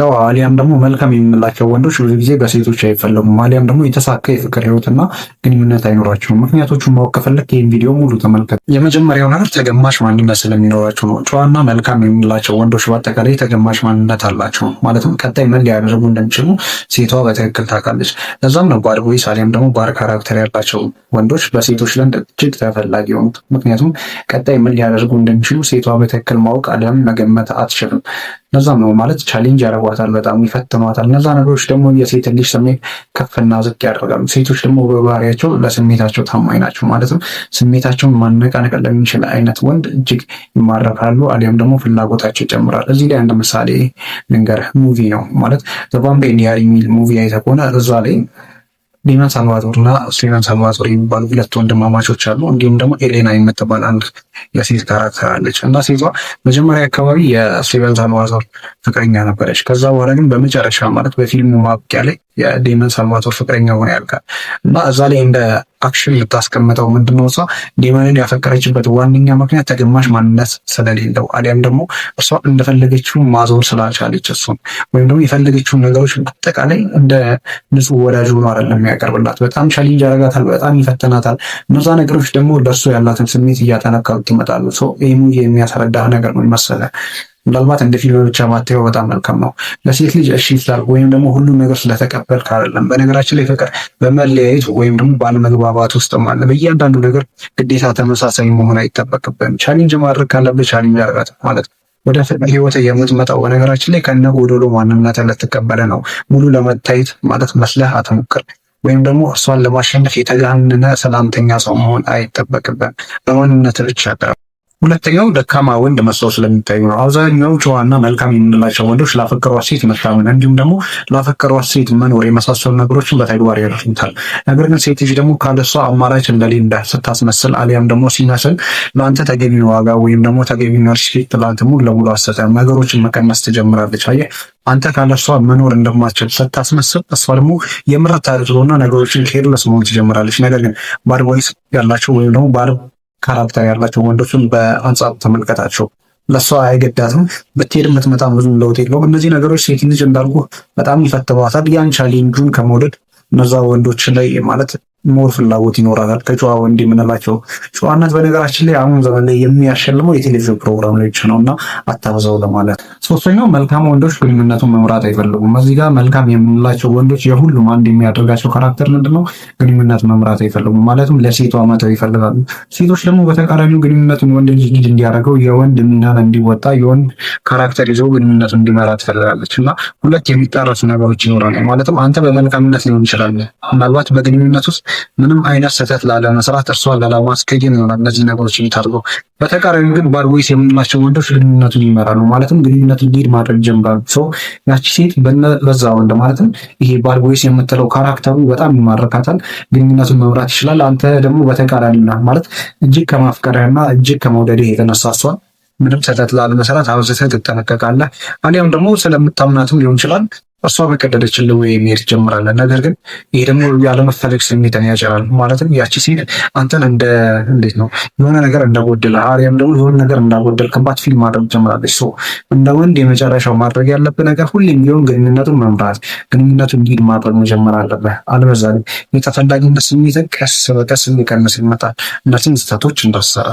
ያው አሊያም ደግሞ መልካም የምንላቸው ወንዶች ብዙ ጊዜ በሴቶች አይፈለጉም። አሊያም ደግሞ የተሳካ የፍቅር ህይወትና ግንኙነት አይኖራቸውም። ምክንያቶቹን ማወቅ ይህን ቪዲዮ ሙሉ ተመልከት። የመጀመሪያው ነገር ተገማሽ ማንነት ስለሚኖራቸው ነው። ጨዋና መልካም የምንላቸው ወንዶች በአጠቃላይ ተገማሽ ማንነት አላቸው። ማለትም ቀጣይ ምን ሊያደርጉ እንደሚችሉ ሴቷ በትክክል ታውቃለች። ለዛም ነው ጓድ ቦይስ አሊያም ደግሞ ባር ካራክተር ያላቸው ወንዶች በሴቶች ዘንድ እጅግ ተፈላጊ የሆኑት። ምክንያቱም ቀጣይ ምን ሊያደርጉ እንደሚችሉ ሴቷ በትክክል ማወቅ አሊያም መገመት አትችልም። ለዛም ነው ማለት ቻሌንጅ ያረ ያደርጓታል፣ በጣም ይፈትኗታል። እነዛ ነገሮች ደግሞ የሴት ልጅ ስሜት ከፍና ዝቅ ያደርጋሉ። ሴቶች ደግሞ በባህሪያቸው ለስሜታቸው ታማኝ ናቸው። ማለትም ስሜታቸውን ማነቃነቅ ለሚችል አይነት ወንድ እጅግ ይማረካሉ፣ አሊያም ደግሞ ፍላጎታቸው ይጨምራል። እዚህ ላይ አንድ ምሳሌ ልንገርህ። ሙቪ ነው ማለት ዘ ቫምፓየር ዲያሪ የሚል ሙቪ አይተህ ከሆነ እዛ ላይ ሌና ሳልቫቶር እና ስሌናን ሳልቫቶር የሚባሉ ሁለት ወንድማማቾች አሉ። እንዲሁም ደግሞ ኤሌና የምትባል አንድ የሴት ካራክተር አለች እና ሴቷ መጀመሪያ አካባቢ የስሌናን ሳልቫቶር ፍቅረኛ ነበረች። ከዛ በኋላ ግን በመጨረሻ ማለት በፊልሙ ማብቂያ ላይ የዴመን ሳልቫቶ ፍቅረኛ ሆነ ያልካል እና እዛ ላይ እንደ አክሽን ልታስቀምጠው ምንድነው እሷ ዴመንን ያፈቀረችበት ዋነኛ ምክንያት ተገማሽ ማንነት ስለሌለው አሊያም ደግሞ እሷ እንደፈለገችው ማዞር ስላልቻለች እሱን ወይም ደግሞ የፈለገችውን ነገሮች አጠቃላይ እንደ ንጹሕ ወዳጅ ሆኖ አይደለም የሚያቀርብላት። በጣም ቻሌንጅ ያደርጋታል፣ በጣም ይፈተናታል። እነዛ ነገሮች ደግሞ ለእሱ ያላትን ስሜት እያጠነከሩት ይመጣሉ። ይህ የሚያስረዳህ ነገር ነው መሰለህ ምናልባት እንደ ፊልም ብቻ ማታየው በጣም መልካም ነው። ለሴት ልጅ እሺ ስላልክ ወይም ደግሞ ሁሉም ነገር ስለተቀበል ካለም በነገራችን ላይ ፍቅር በመለያየት ወይም ደግሞ ባለመግባባት ውስጥ አለ። በእያንዳንዱ ነገር ግዴታ ተመሳሳይ መሆን አይጠበቅብንም። ቻሌንጅ ማድረግ ካለብህ ቻሌንጅ አድርጋት ማለት ነው። ወደ ህይወት የምትመጣው በነገራችን ላይ ከነ ጎዶሎ ማንነት ልትቀበለ ነው። ሙሉ ለመታየት ማለት መስለህ አትሞክር። ወይም ደግሞ እርሷን ለማሸነፍ የተጋነነ ሰላምተኛ ሰው መሆን አይጠበቅብን። በማንነት ብቻ ሁለተኛው ደካማ ወንድ መስለው ስለሚታዩ ነው። አብዛኛው ጨዋና መልካም የምንላቸው ወንዶች ላፈቀሯት ሴት መታመን እንዲሁም ደግሞ ላፈቀሯት ሴት መኖር የመሳሰሉ ነገሮችን በተግባር ያደርጉታል። ነገር ግን ሴት ልጅ ደግሞ ካለሷ አማራጭ እንደሌለ ስታስመስል አሊያም ደግሞ ሲመስል ለአንተ ተገቢ ዋጋ ወይም ደግሞ ተገቢ ሪስፔክት ለአንተ ሙሉ ለሙሉ አሰጠም ነገሮችን መቀነስ ትጀምራለች። አየህ አንተ ካለሷ መኖር እንደማትችል ስታስመስል እሷ ደግሞ የምረት ታድርጎና ነገሮችን ከሄድለስ መሆን ትጀምራለች። ነገር ግን ባድ ቦይስ ያላቸው ወይም ደግሞ ባድ ካራክተር ያላቸው ወንዶችን በአንጻሩ ተመልከታቸው። ለእሷ አይገዳትም ብትሄድ የምትመጣ ብዙ ለውጥ የለውም። እነዚህ ነገሮች ሴት ልጅ እንዳልኩ በጣም ይፈትባታል። ያን ቻሌንጁን ከመውደድ እነዛ ወንዶች ላይ ማለት ሞር ፍላጎት ይኖራታል ከጨዋ ወንድ የምንላቸው። ጨዋነት በነገራችን ላይ አሁን ዘመን ላይ የሚያሸልመው የቴሌቪዥን ፕሮግራም ላይ ነው እና አታብዘው ለማለት። ሶስተኛው መልካም ወንዶች ግንኙነቱን መምራት አይፈልጉም። እዚህ ጋር መልካም የምንላቸው ወንዶች የሁሉም አንድ የሚያደርጋቸው ካራክተር ምንድነው? ግንኙነት መምራት አይፈልጉም። ማለትም ለሴቷ መተው ይፈልጋሉ። ሴቶች ደግሞ በተቃራኒው ግንኙነቱን ወንድ ልጅ እንዲያደርገው የወንድ ሚናን እንዲወጣ የወንድ ካራክተር ይዘው ግንኙነቱን እንዲመራ ትፈልጋለች እና ሁለት የሚጣረሱ ነገሮች ይኖራሉ። ማለትም አንተ በመልካምነት ሊሆን ይችላል ምናልባት በግንኙነት ውስጥ ምንም አይነት ስህተት ላለመስራት እርሷን ላለማስቀየም ነው እነዚህ ነገሮች የሚታርገው። በተቃራኒ ግን ባድቦይስ የምንላቸው ወንዶች ግንኙነቱን ይመራሉ፣ ማለትም ግንኙነቱን ሊድ ማድረግ ጀምራሉ። ሰው ያቺ ሴት በዛ ወንድ ማለትም ይሄ ባድቦይስ የምትለው ካራክተሩ በጣም ይማርካታል፣ ግንኙነቱን መምራት ይችላል። አንተ ደግሞ በተቃራኒ ማለት እጅግ ከማፍቀሪያና እጅግ ከመውደድህ የተነሳ እሷን ምንም ስህተት ላለመስራት አብዝተህ ትጠነቀቃለህ። አሊያም ደግሞ ስለምታምናትም ሊሆን ይችላል እሷ በቀደደች ልዌ የሚሄድ ጀምራለን። ነገር ግን ይሄ ደግሞ ያለመፈለግ ስሜትን ያጨራል። ማለትም ያቺ ሴት አንተን እንደ እንዴት ነው የሆነ ነገር እንደጎደለ አሪያም ደግሞ የሆነ ነገር እንዳጎደል ከባት ፊልም ማድረግ ትጀምራለች። እንደ ወንድ የመጨረሻው ማድረግ ያለብህ ነገር ሁሌም ቢሆን ግንኙነቱን መምራት፣ ግንኙነቱ እንዲድ ማድረግ መጀመር አለብህ። አለበዛ የተፈላጊነት ስሜትን ቀስ በቀስ የሚቀንስ ይመጣል። እነዚህን ስህተቶች እንዳሰራ